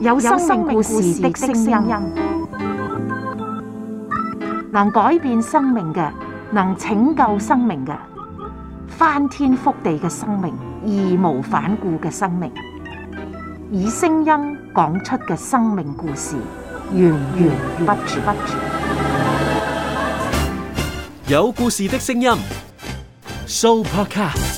有生命故事的聲音，能改變生命嘅，能拯救生命嘅，翻天覆地嘅生命，義無反顧嘅生命，以聲音講出嘅生命故事，源源不絕。有故事的聲音，Soupercast。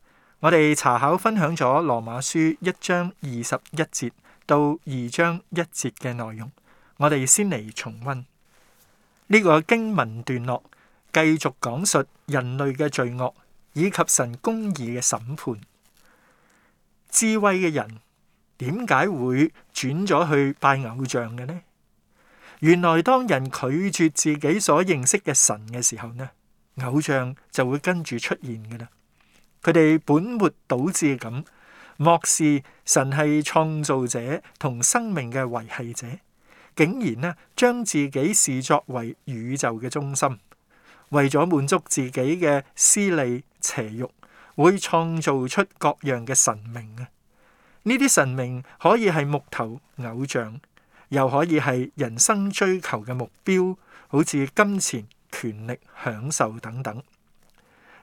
我哋查考分享咗羅馬書一章二十一節到二章一節嘅內容，我哋先嚟重温呢個經文段落，繼續講述人類嘅罪惡以及神公義嘅審判。智慧嘅人點解會轉咗去拜偶像嘅呢？原來當人拒絕自己所認識嘅神嘅時候呢，偶像就會跟住出現㗎喇。佢哋本末倒置咁，漠視神係創造者同生命嘅維繫者，竟然呢將自己視作為宇宙嘅中心，為咗滿足自己嘅私利邪欲，會創造出各樣嘅神明啊！呢啲神明可以係木頭偶像，又可以係人生追求嘅目標，好似金錢、權力、享受等等。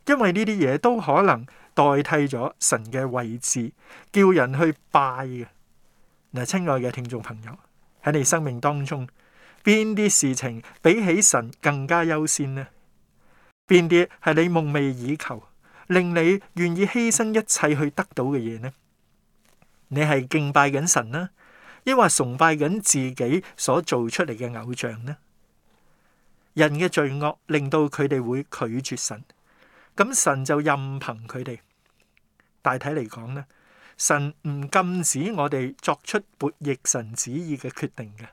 因為呢啲嘢都可能代替咗神嘅位置，叫人去拜嘅。嗱，親愛嘅聽眾朋友，喺你生命當中，邊啲事情比起神更加優先呢？邊啲係你夢寐以求、令你願意犧牲一切去得到嘅嘢呢？你係敬拜緊神呢，抑或崇拜緊自己所做出嚟嘅偶像呢？人嘅罪惡令到佢哋會拒絕神。咁神就任憑佢哋，大體嚟講咧，神唔禁止我哋作出悖逆神旨意嘅決定嘅。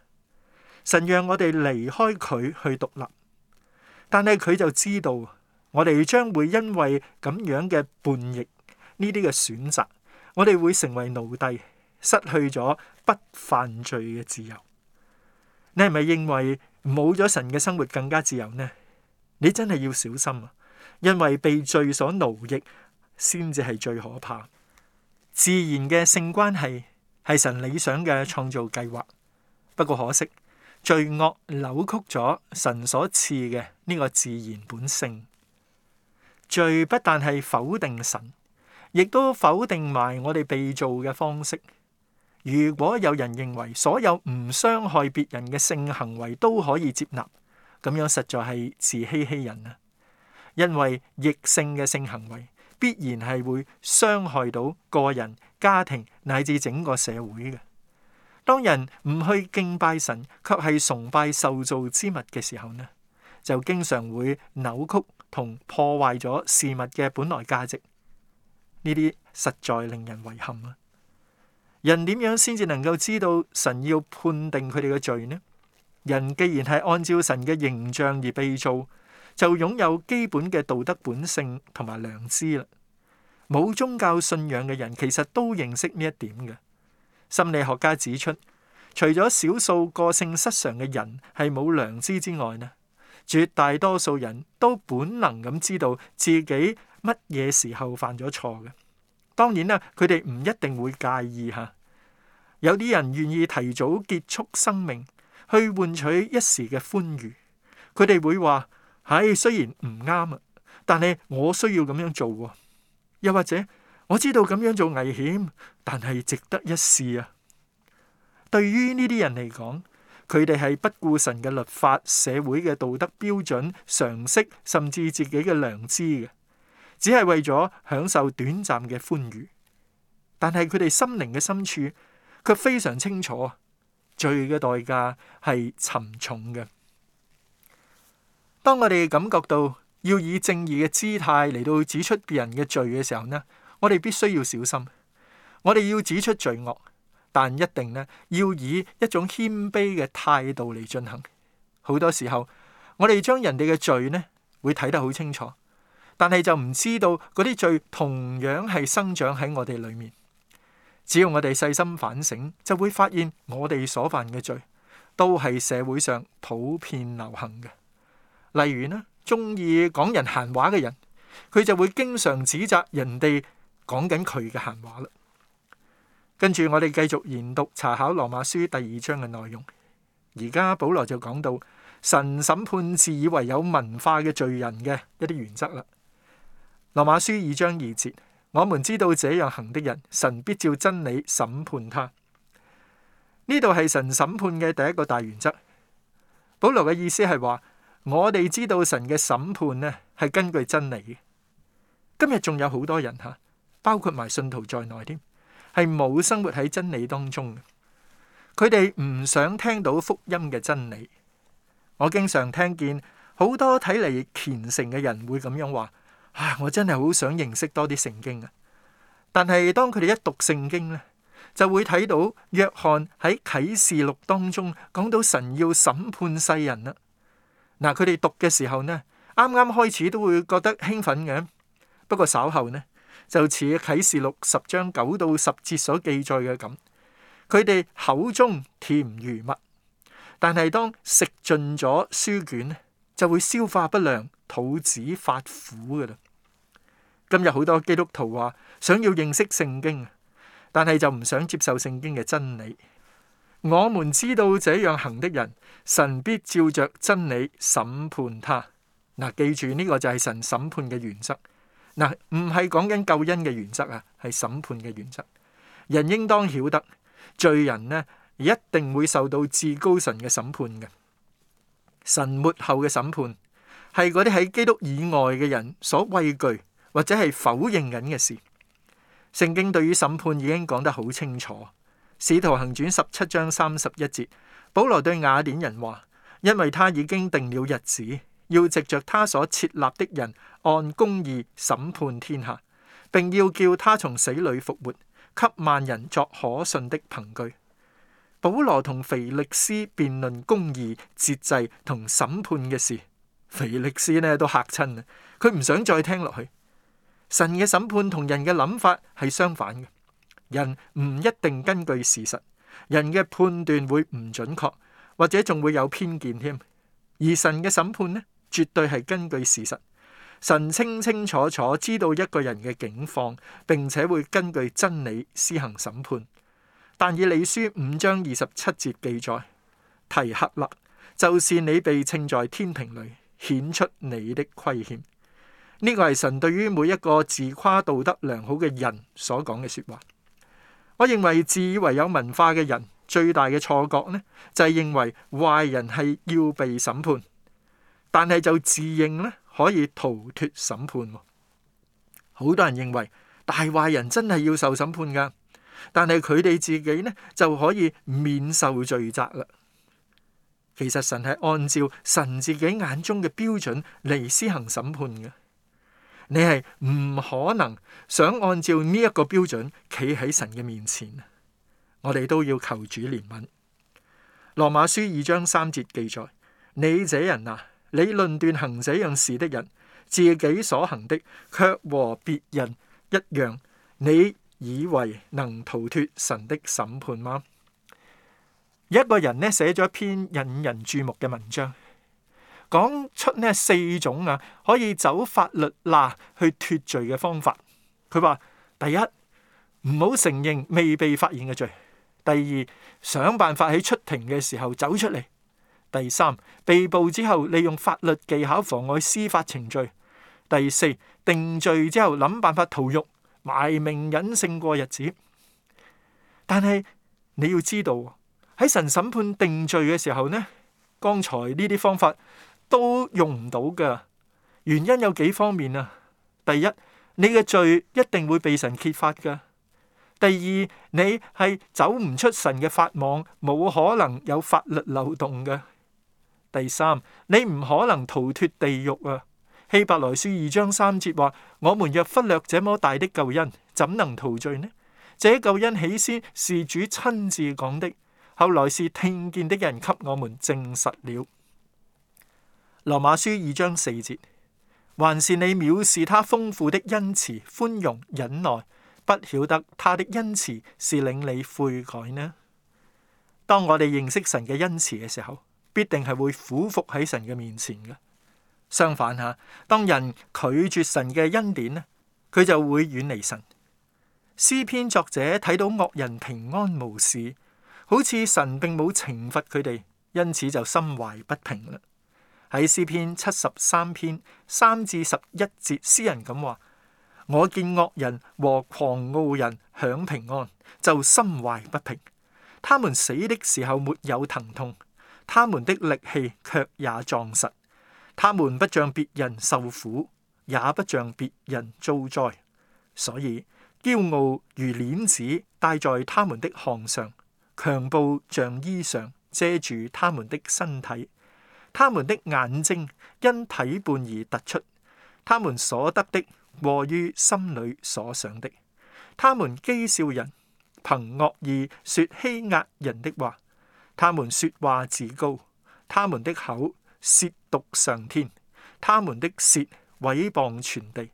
神讓我哋離開佢去獨立，但係佢就知道我哋將會因為咁樣嘅叛逆呢啲嘅選擇，我哋會成為奴隸，失去咗不犯罪嘅自由。你係咪認為冇咗神嘅生活更加自由呢？你真係要小心啊！因為被罪所奴役，先至係最可怕。自然嘅性關係係神理想嘅創造計劃，不過可惜罪惡扭曲咗神所賜嘅呢個自然本性。罪不但係否定神，亦都否定埋我哋被造嘅方式。如果有人認為所有唔傷害別人嘅性行為都可以接納，咁樣實在係自欺欺人啊！因為逆性嘅性行為必然係會傷害到個人、家庭乃至整個社會嘅。當人唔去敬拜神，卻係崇拜受造之物嘅時候呢，就經常會扭曲同破壞咗事物嘅本來價值。呢啲實在令人遺憾啊！人點樣先至能夠知道神要判定佢哋嘅罪呢？人既然係按照神嘅形象而被造，就擁有基本嘅道德本性同埋良知啦。冇宗教信仰嘅人其實都認識呢一點嘅。心理學家指出，除咗少數個性失常嘅人係冇良知之外，呢絕大多數人都本能咁知道自己乜嘢時候犯咗錯嘅。當然啦，佢哋唔一定會介意吓。有啲人願意提早結束生命去換取一時嘅歡愉，佢哋會話：唉，雖然唔啱啊，但係我需要咁樣做喎。又或者我知道咁樣做危險，但係值得一試啊。對於呢啲人嚟講，佢哋係不顧神嘅律法、社會嘅道德標準、常識，甚至自己嘅良知嘅，只係為咗享受短暫嘅歡愉。但係佢哋心靈嘅深處，卻非常清楚，罪嘅代價係沉重嘅。當我哋感覺到要以正義嘅姿態嚟到指出別人嘅罪嘅時候呢，我哋必須要小心。我哋要指出罪惡，但一定呢要以一種謙卑嘅態度嚟進行。好多時候，我哋將人哋嘅罪呢會睇得好清楚，但係就唔知道嗰啲罪同樣係生長喺我哋裏面。只要我哋細心反省，就會發現我哋所犯嘅罪都係社會上普遍流行嘅。例如呢，中意講人閒話嘅人，佢就會經常指責人哋講緊佢嘅閒話啦。跟住我哋繼續研讀查考羅馬書第二章嘅內容。而家保羅就講到神審判自以為有文化嘅罪人嘅一啲原則啦。羅馬書二章二節，我們知道這樣行的人，神必照真理審判他。呢度係神審判嘅第一個大原則。保羅嘅意思係話。我哋知道神嘅審判咧係根據真理嘅。今日仲有好多人吓，包括埋信徒在內添，係冇生活喺真理當中。佢哋唔想聽到福音嘅真理。我經常聽見好多睇嚟虔誠嘅人會咁樣話：唉，我真係好想認識多啲聖經啊！但係當佢哋一讀聖經咧，就會睇到約翰喺啓示錄當中講到神要審判世人啦。嗱，佢哋讀嘅時候呢，啱啱開始都會覺得興奮嘅，不過稍後呢，就似啟示錄十章九到十節所記載嘅咁，佢哋口中甜如蜜，但係當食盡咗書卷就會消化不良，肚子發苦㗎喇。今日好多基督徒話想要認識聖經，但係就唔想接受聖經嘅真理。我們知道這樣行的人，神必照着真理審判他。嗱，記住呢個就係神審判嘅原則。嗱，唔係講緊救恩嘅原則啊，係審判嘅原則。人應當曉得，罪人呢，一定會受到至高神嘅審判嘅。神末後嘅審判係嗰啲喺基督以外嘅人所畏懼或者係否認緊嘅事。聖經對於審判已經講得好清楚。使徒行傳十七章三十一節，保羅對雅典人話：「因為他已經定了日子，要藉着他所設立的人，按公義審判天下，並要叫他從死裏復活，給萬人作可信的憑據。」保羅同腓力斯辯論公義、節制同審判嘅事，腓力斯呢都嚇親啦，佢唔想再聽落去。神嘅審判同人嘅諗法係相反嘅。人唔一定根據事實，人嘅判斷會唔準確，或者仲會有偏見添。而神嘅審判呢，絕對係根據事實。神清清楚楚知道一個人嘅境況，並且會根據真理施行審判。但以理書五章二十七節記載，提克勒就是你被稱在天平裏，顯出你的虧欠。呢、這個係神對於每一個自誇道德良好嘅人所講嘅說話。我認為自以為有文化嘅人最大嘅錯覺呢，就係認為壞人係要被審判，但係就自認呢可以逃脫審判。好多人認為大壞人真係要受審判噶，但係佢哋自己呢，就可以免受罪責啦。其實神係按照神自己眼中嘅標準嚟施行審判嘅。你係唔可能想按照呢一個標準企喺神嘅面前，我哋都要求主憐憫。羅馬書二章三節記載：你這人啊，你論斷行這樣事的人，自己所行的卻和別人一樣，你以為能逃脱神的審判嗎？一個人咧寫咗一篇引人注目嘅文章。講出呢四種啊，可以走法律罅去脱罪嘅方法。佢話：第一，唔好承認未被發現嘅罪；第二，想辦法喺出庭嘅時候走出嚟；第三，被捕之後利用法律技巧妨礙司法程序；第四，定罪之後諗辦法逃獄，埋名隱姓過日子。但係你要知道喺神審判定罪嘅時候呢，剛才呢啲方法，都用唔到嘅。原因有幾方面啊？第一，你嘅罪一定會被神揭發嘅；第二，你係走唔出神嘅法網，冇可能有法律漏洞嘅；第三，你唔可能逃脱地獄啊！希伯來書二章三節話：我們若忽略這麼大的救恩，怎能逃罪呢？這救恩起先是主親自講的，後來是聽見的人給我們證實了。羅馬書二章四節，還是你藐視他豐富的恩慈、寬容、忍耐，不曉得他的恩慈是令你悔改呢？當我哋認識神嘅恩慈嘅時候，必定係會俯伏喺神嘅面前嘅。相反吓，當人拒絕神嘅恩典呢，佢就會遠離神。詩篇作者睇到惡人平安無事，好似神並冇懲罰佢哋，因此就心懷不平啦。詩篇七十三篇三至十一節，詩人咁話：我見惡人和狂傲人享平安，就心懷不平。他們死的時候沒有疼痛，他們的力氣卻也壯實。他們不像別人受苦，也不像別人遭災。所以驕傲如鏈子戴在他們的項上，強暴像衣裳遮住他們的身體。他們的眼睛因體胖而突出，他們所得的過於心裏所想的。他們譏笑人，憑惡意說欺壓人的話。他們說話自高，他們的口褻瀆上天，他們的舌毀謗全地。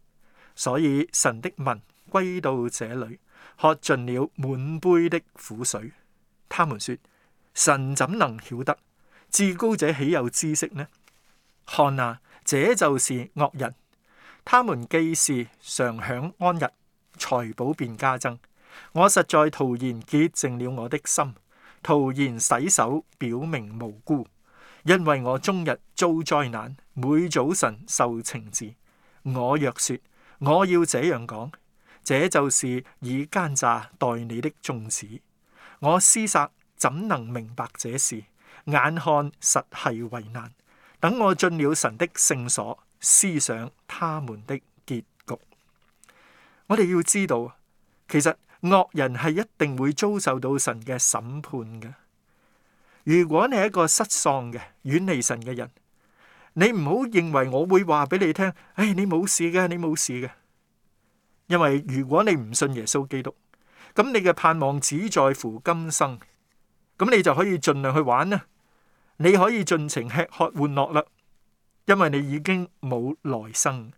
所以神的民歸到這裏，喝盡了滿杯的苦水。他們說：神怎能曉得？至高者豈有知識呢？看啊，這就是惡人，他們既是常享安逸，財寶便加增。我實在徒然潔淨了我的心，徒然洗手表明無辜，因為我終日遭災難，每早晨受懲治。我若說我要這樣講，這就是以奸詐待你的眾子。我思索怎能明白這事？眼看實係為難，等我進了神的聖所，思想他們的結局。我哋要知道，其實惡人係一定會遭受到神嘅審判嘅。如果你係一個失喪嘅遠離神嘅人，你唔好認為我會話俾你聽，唉、哎，你冇事嘅，你冇事嘅。因為如果你唔信耶穌基督，咁你嘅盼望只在乎今生，咁你就可以盡量去玩啦。你可以盡情吃喝玩樂啦，因為你已經冇來生。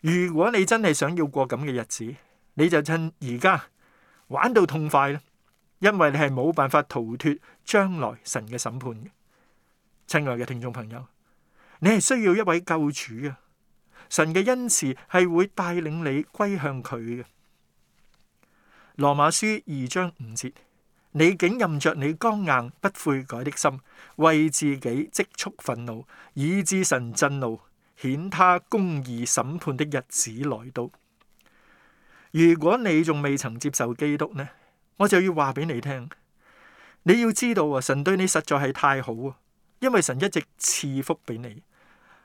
如果你真係想要過咁嘅日子，你就趁而家玩到痛快啦，因為你係冇辦法逃脫將來神嘅審判嘅。親愛嘅聽眾朋友，你係需要一位救主呀，神嘅恩慈係會帶領你歸向佢嘅。羅馬書二章五節。你竟任着你剛硬不悔改的心，為自己積蓄憤怒，以致神震怒，顯他公義審判的日子來到。如果你仲未曾接受基督呢，我就要話俾你聽，你要知道啊，神對你實在係太好啊，因為神一直賜福俾你。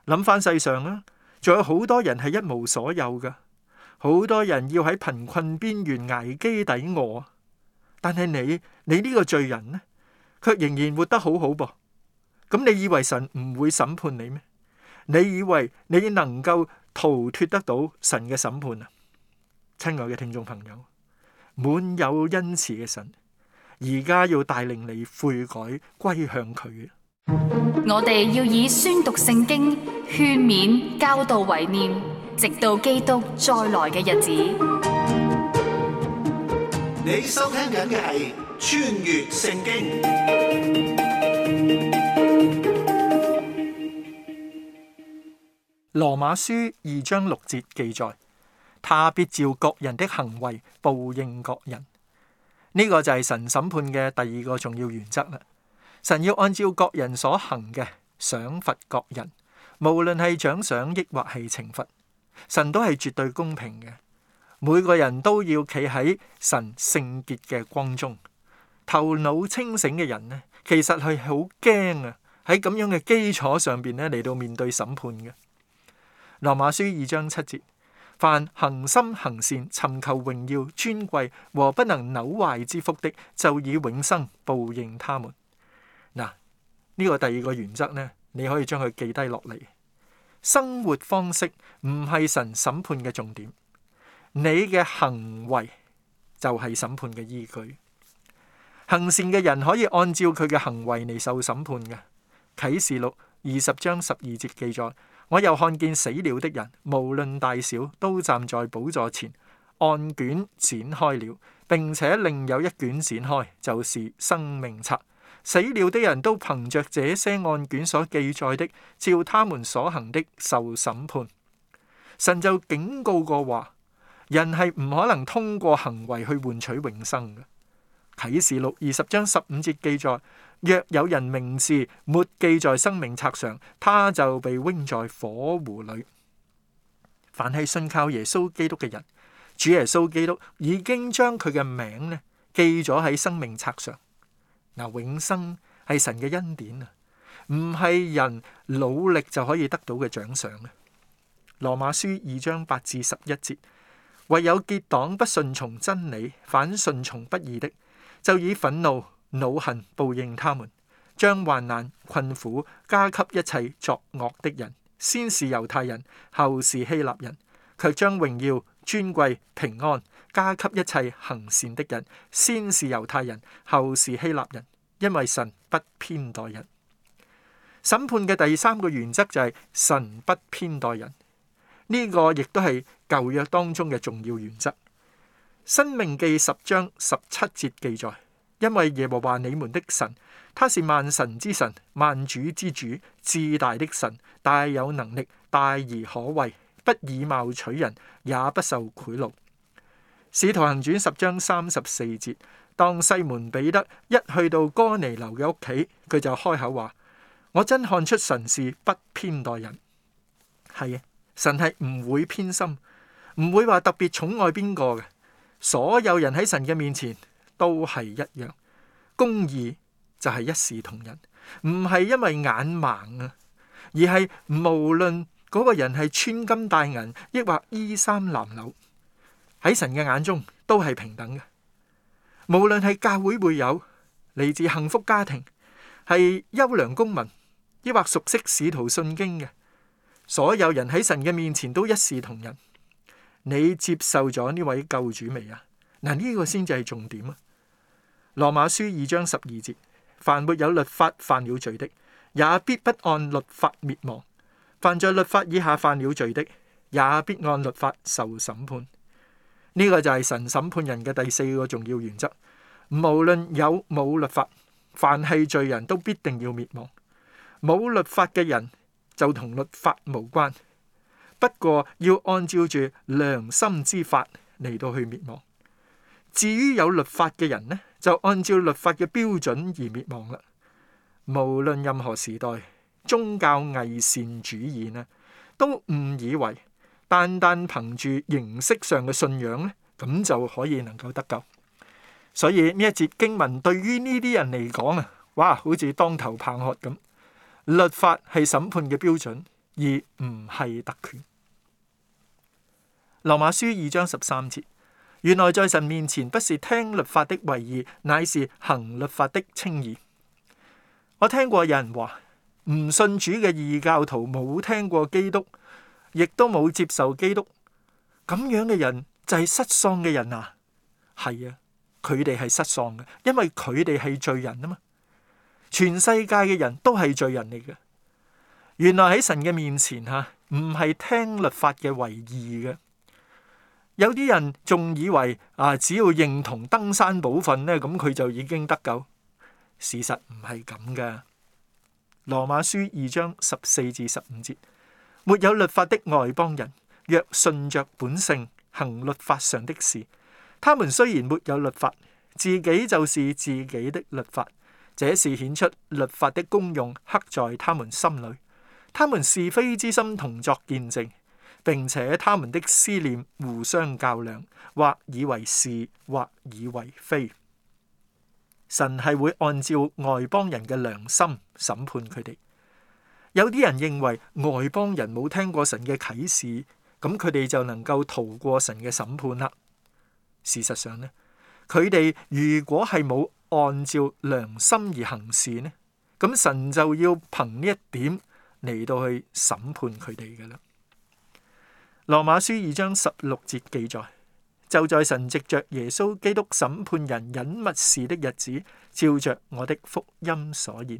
諗翻世上啦，仲有好多人係一無所有噶，好多人要喺貧困邊緣捱飢抵餓。但係你，你呢個罪人呢，卻仍然活得好好噃。咁你以為神唔會審判你咩？你以為你能夠逃脱得到神嘅審判啊？親愛嘅聽眾朋友，滿有恩慈嘅神，而家要帶領你悔改，歸向佢。我哋要以宣讀聖經、勸勉、教導為念，直到基督再來嘅日子。你收聽緊嘅係《穿越聖經》。羅馬書二章六節記載：他必照各人的行為報應各人。呢個就係神審判嘅第二個重要原則啦。神要按照各人所行嘅賞罰各人，無論係獎賞抑或係懲罰，神都係絕對公平嘅。每個人都要企喺神聖潔嘅光中。頭腦清醒嘅人呢，其實係好驚啊！喺咁樣嘅基礎上邊呢，嚟到面對審判嘅。羅馬書二章七節：凡恒心行善、尋求榮耀尊貴和不能扭壞之福的，就以永生報應他們。嗱，呢個第二個原則呢，你可以將佢記低落嚟。生活方式唔係神審判嘅重點。你嘅行為就係審判嘅依據，行善嘅人可以按照佢嘅行為嚟受審判嘅。啟示錄二十章十二節記載：我又看見死了的人，無論大小，都站在寶座前，案卷展開了，並且另有一卷展開，就是生命冊。死了的人都憑着這些案卷所記載的，照他們所行的受審判。神就警告過話。人係唔可能通過行為去換取永生嘅。啟示錄二十章十五節記載：若有人名字沒記在生命冊上，他就被扔在火湖裏。凡係信靠耶穌基督嘅人，主耶穌基督已經將佢嘅名咧記咗喺生命冊上。嗱，永生係神嘅恩典啊，唔係人努力就可以得到嘅獎賞嘅。羅馬書二章八至十一節。唯有結黨不順從真理，反順從不義的，就以憤怒、惱恨報應他們，將患難、困苦加給一切作惡的人，先是猶太人，後是希臘人；卻將榮耀、尊貴、平安加給一切行善的人，先是猶太人，後是希臘人。因為神不偏待人。審判嘅第三個原則就係神不偏待人。呢個亦都係舊約當中嘅重要原則。申命記十章十七節記載：因為耶和華你們的神，他是萬神之神、萬主之主、至大的神，大有能力、大而可畏，不以貌取人，也不受賄賂。使徒行傳十章三十四節，當西門彼得一去到哥尼流嘅屋企，佢就開口話：我真看出神是不偏待人。係嘅。神係唔會偏心，唔會話特別寵愛邊個嘅。所有人喺神嘅面前都係一樣，公義就係一視同仁，唔係因為眼盲啊，而係無論嗰個人係穿金戴銀，抑或衣衫襤褸，喺神嘅眼中都係平等嘅。無論係教會會友，嚟自幸福家庭，係優良公民，抑或熟悉使徒信經嘅。所有人喺神嘅面前都一視同仁。你接受咗呢位救主未啊？嗱，呢個先至係重點啊！羅馬書二章十二節：凡沒有律法犯了罪的，也必不按律法滅亡；凡在律法以下犯了罪的，也必按律法受審判。呢、這個就係神審判人嘅第四個重要原則。無論有冇律法，凡係罪人都必定要滅亡。冇律法嘅人，就同律法無關，不過要按照住良心之法嚟到去滅亡。至於有律法嘅人呢，就按照律法嘅標準而滅亡啦。無論任何時代，宗教偽善主義呢，都誤以為單單憑住形式上嘅信仰呢，咁就可以能夠得救。所以呢一節經文對於呢啲人嚟講啊，哇，好似當頭棒喝咁。律法係審判嘅標準，而唔係特權。羅馬書二章十三節，原來在神面前不是聽律法的為義，乃是行律法的稱義。我聽過有人話，唔信主嘅異教徒冇聽過基督，亦都冇接受基督，咁樣嘅人就係失喪嘅人啊？係啊，佢哋係失喪嘅，因為佢哋係罪人啊嘛。全世界嘅人都係罪人嚟嘅。原來喺神嘅面前嚇，唔、啊、係聽律法嘅為義嘅。有啲人仲以為啊，只要認同登山寶訓呢，咁、啊、佢就已經得救。事實唔係咁嘅。羅馬書二章十四至十五節，沒有律法的外邦人，若順着本性行律法上的事，他們雖然沒有律法，自己就是自己的律法。這是顯出律法的功用，刻在他們心裡，他們是非之心同作見證，並且他們的思念互相較量，或以為是，或以為非。神係會按照外邦人嘅良心審判佢哋。有啲人認為外邦人冇聽過神嘅啟示，咁佢哋就能夠逃過神嘅審判啦。事實上呢，佢哋如果係冇。按照良心而行事呢，咁神就要憑呢一點嚟到去審判佢哋噶啦。羅馬書二章十六節記載，就在神藉着耶穌基督審判人隱密事的日子，照着我的福音所言。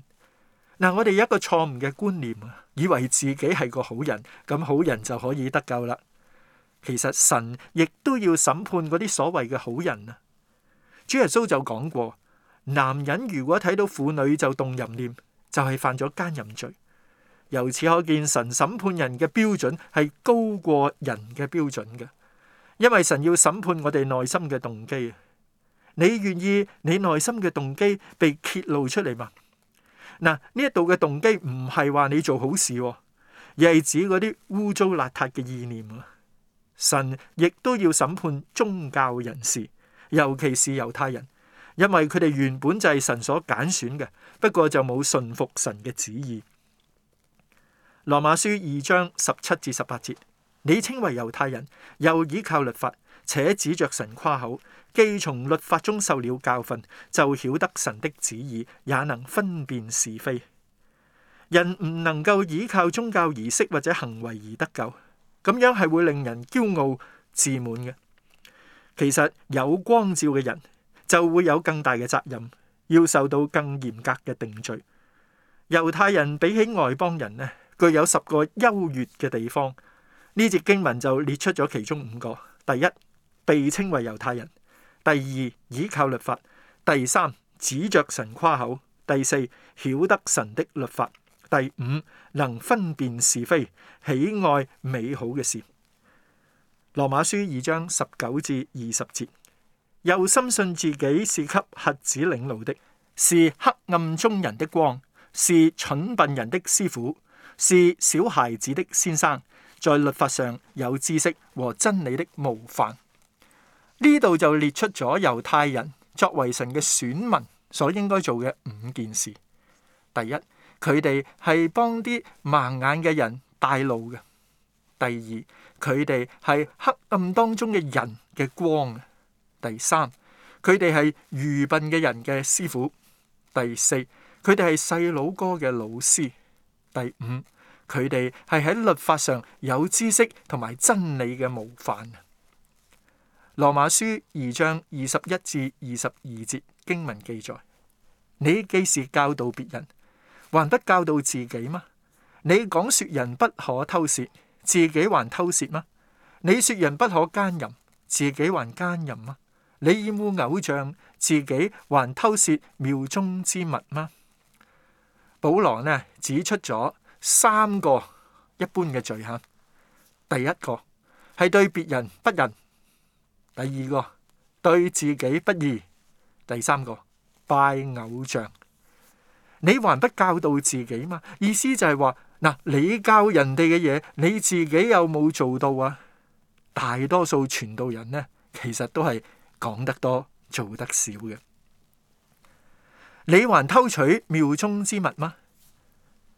嗱、嗯，我哋有一個錯誤嘅觀念啊，以為自己係個好人，咁、嗯、好人就可以得救啦。其實神亦都要審判嗰啲所謂嘅好人啊。主耶穌就講過。男人如果睇到婦女就動淫念，就係、是、犯咗奸淫罪。由此可見，神審判人嘅標準係高過人嘅標準嘅，因為神要審判我哋內心嘅動機。你願意你內心嘅動機被揭露出嚟嘛？嗱，呢一度嘅動機唔係話你做好事哦，而係指嗰啲污糟邋遢嘅意念啊。神亦都要審判宗教人士，尤其是猶太人。因為佢哋原本就係神所揀選嘅，不過就冇順服神嘅旨意。羅馬書二章十七至十八節，你稱為猶太人，又倚靠律法，且指着神誇口，既從律法中受了教訓，就曉得神的旨意，也能分辨是非。人唔能夠倚靠宗教儀式或者行為而得救，咁樣係會令人驕傲自滿嘅。其實有光照嘅人，就會有更大嘅責任，要受到更嚴格嘅定罪。猶太人比起外邦人呢，具有十個優越嘅地方。呢節經文就列出咗其中五個：第一，被稱為猶太人；第二，倚靠律法；第三，指着神誇口；第四，曉得神的律法；第五，能分辨是非，喜愛美好嘅事。羅馬書二章十九至二十節。又深信自己是給瞎子領路的，是黑暗中人的光，是蠢笨人的師傅，是小孩子的先生，在律法上有知識和真理的模範。呢度就列出咗猶太人作為神嘅選民所應該做嘅五件事。第一，佢哋係幫啲盲眼嘅人帶路嘅；第二，佢哋係黑暗當中嘅人嘅光的。第三，佢哋係愚笨嘅人嘅師傅；第四，佢哋係細佬哥嘅老師；第五，佢哋係喺律法上有知識同埋真理嘅模範。羅馬書二章二十一至二十二節經文記載：你既是教導別人，還不教導自己嗎？你講說，說人不可偷竊，自己還偷竊嗎？你說人不可奸淫，自己還奸淫嗎？你厭惡偶像，自己還偷竊廟中之物嗎？保羅呢指出咗三個一般嘅罪行：第一個係對別人不仁，第二個對自己不義，第三個拜偶像。你還不教導自己嗎？意思就係話嗱，你教人哋嘅嘢，你自己有冇做到啊？大多數傳道人呢，其實都係。講得多，做得少嘅，你還偷取廟中之物嗎？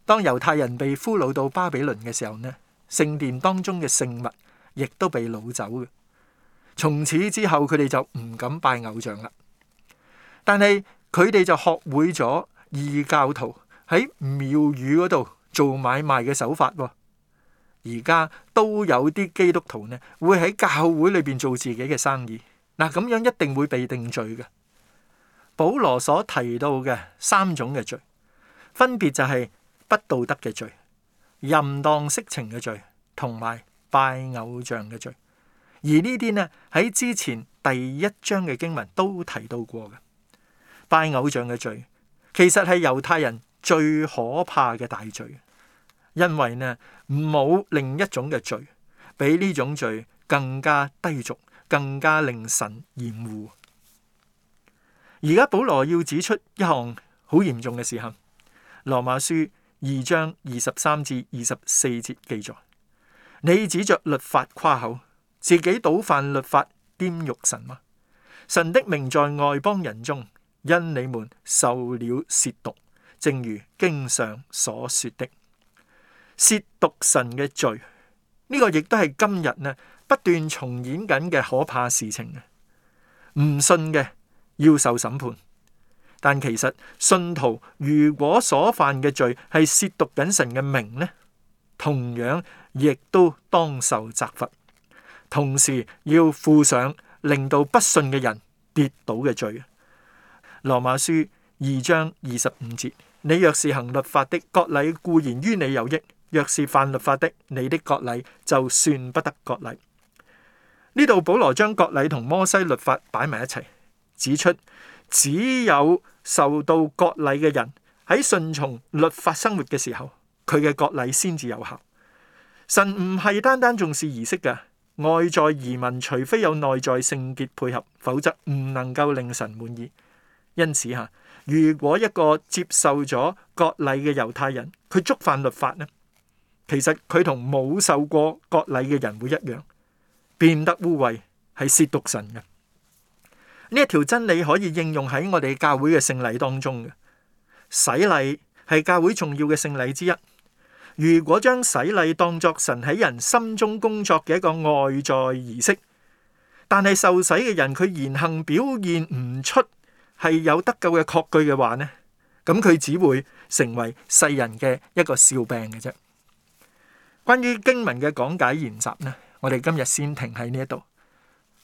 當猶太人被俘虜到巴比倫嘅時候呢，聖殿當中嘅聖物亦都被擄走嘅。從此之後，佢哋就唔敢拜偶像啦。但係佢哋就學會咗異教徒喺廟宇嗰度做買賣嘅手法。而家都有啲基督徒呢，會喺教會裏邊做自己嘅生意。嗱，咁樣一定會被定罪嘅。保羅所提到嘅三種嘅罪，分別就係不道德嘅罪、淫蕩色情嘅罪，同埋拜偶像嘅罪。而呢啲呢，喺之前第一章嘅經文都提到過嘅。拜偶像嘅罪，其實係猶太人最可怕嘅大罪，因為呢，冇另一種嘅罪，比呢種罪更加低俗。更加令神厭惡。而家保羅要指出一項好嚴重嘅事行，《羅馬書》二章二十三至二十四節記載：你指着律法誇口，自己倒犯律法，玷辱神嗎？神的名在外邦人中，因你們受了褻瀆，正如經上所說的，褻瀆神嘅罪。呢、這個亦都係今日呢，不斷重演緊嘅可怕事情嘅，唔信嘅要受審判。但其實信徒如果所犯嘅罪係褻瀆緊神嘅名呢，同樣亦都當受責罰，同時要負上令到不信嘅人跌倒嘅罪。羅馬書二章二十五節：你若是行律法的，割禮固然於你有益；若是犯律法的，你的割禮就算不得割禮。呢度保羅將割禮同摩西律法擺埋一齊，指出只有受到割禮嘅人喺順從律法生活嘅時候，佢嘅割禮先至有效。神唔係單單重視儀式嘅外在儀文，除非有內在聖潔配合，否則唔能夠令神滿意。因此吓，如果一個接受咗割禮嘅猶太人，佢觸犯律法呢，其實佢同冇受過割禮嘅人會一樣。變得污穢係褻瀆神嘅。呢一條真理可以應用喺我哋教會嘅聖禮當中嘅。洗禮係教會重要嘅聖禮之一。如果將洗禮當作神喺人心中工作嘅一個外在儀式，但係受洗嘅人佢言行表現唔出係有得救嘅確據嘅話呢，咁佢只會成為世人嘅一個笑柄嘅啫。關於經文嘅講解研習呢，我哋今日先停喺呢一度，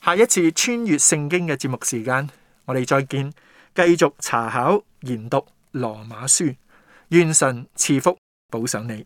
下一次穿越聖經嘅節目時間，我哋再見，繼續查考研讀羅馬書，願神賜福保守你。